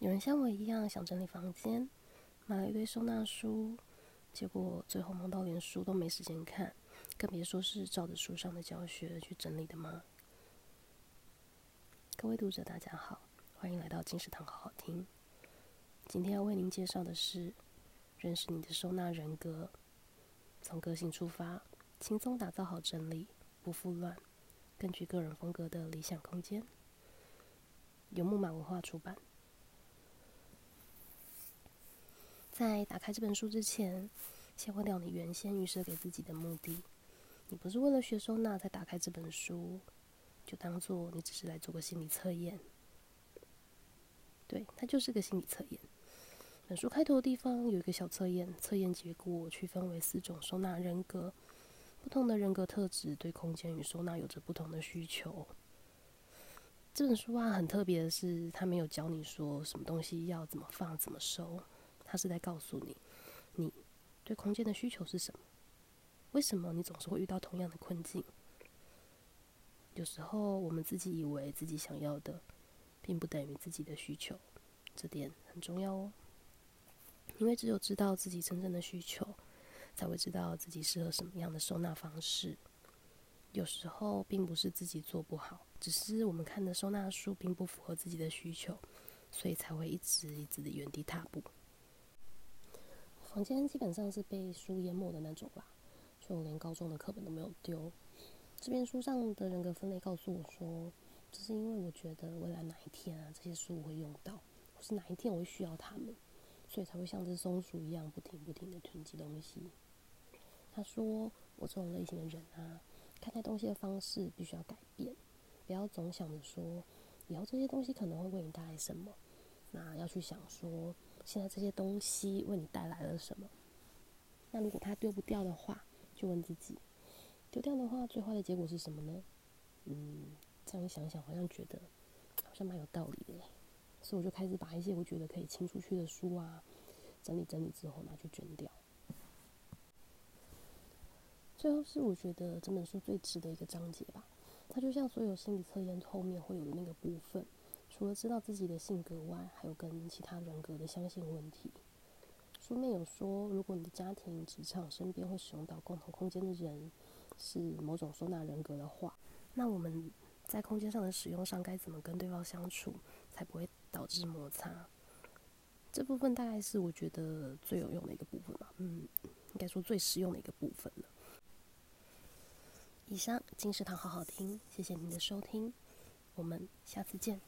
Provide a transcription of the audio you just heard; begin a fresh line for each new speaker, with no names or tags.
有人像我一樣想整理房間，買了一堆收納書，結果最後忙到連書都沒時間看，更別說是照着書上的教學去整理的嗎？各位讀者，大家好，歡迎來到金石堂好好聽。今天要為您介紹的是《認識你的收納人格》，從個性出發，輕鬆打造好整理、不復亂、更具個人風格的理想空間。由木馬文化出版。在打開這本書之前，先忘掉你原先預設給自己的目的。你不是為了學收納才打開這本書，就當做你只是來做個心理測驗。對，它就是個心理測驗。本書開頭的地方有一個小測驗，測驗結果區分為四種收納人格。不同的人格特質對空間與收納有着不同的需求。這本書啊，很特別的是，它沒有教你說什麼東西要怎麼放、怎麼收。他是在告訴你，你對空間的需求是什麼？為什麼你總是會遇到同樣的困境？有時候我們自己以為自己想要的，並不等於自己的需求，這點很重要哦。因為只有知道自己真正的需求，才會知道自己適合什麼樣的收納方式。有時候並不是自己做不好，只是我們看的收納書並不符合自己的需求，所以才會一直一直的原地踏步。房間基本上是被書淹沒的那種吧，所以我連高中的課本都沒有丟。這邊書上的人格分類告訴我說，這是因為我覺得未來哪一天啊，這些書我會用到，或是哪一天我會需要它們，所以才會像只松鼠一樣，不停不停的囤積東西。他說，我這種類型的人啊，看待東西的方式必須要改變，不要總想着說，以後這些東西可能會為你帶來什麼，那要去想說。現在這些東西為你帶來了什麼？那如果它丟不掉的話，就問自己：丟掉的話，最壞的結果是什麼呢？嗯，這樣想想好像覺得好像蠻有道理的耶，所以我就開始把一些我覺得可以清出去的書啊，整理整理之後呢，拿去捐掉。最後是我覺得這本書最值得一個章節吧，它就像所有心理測驗後面會有的那個部分。除了知道自己的性格外，還有跟其他人格的相性問題。書內有說，如果你的家庭、職場、身邊會使用到共同空間的人是某種收納人格的話，那我們在空間上的使用上，該怎麼跟對方相處，才不會導致摩擦？這部分大概是我覺得最有用的一個部分吧。嗯，應該說最實用的一個部分了。以上金石堂好好聽，謝謝您的收聽，我們下次見。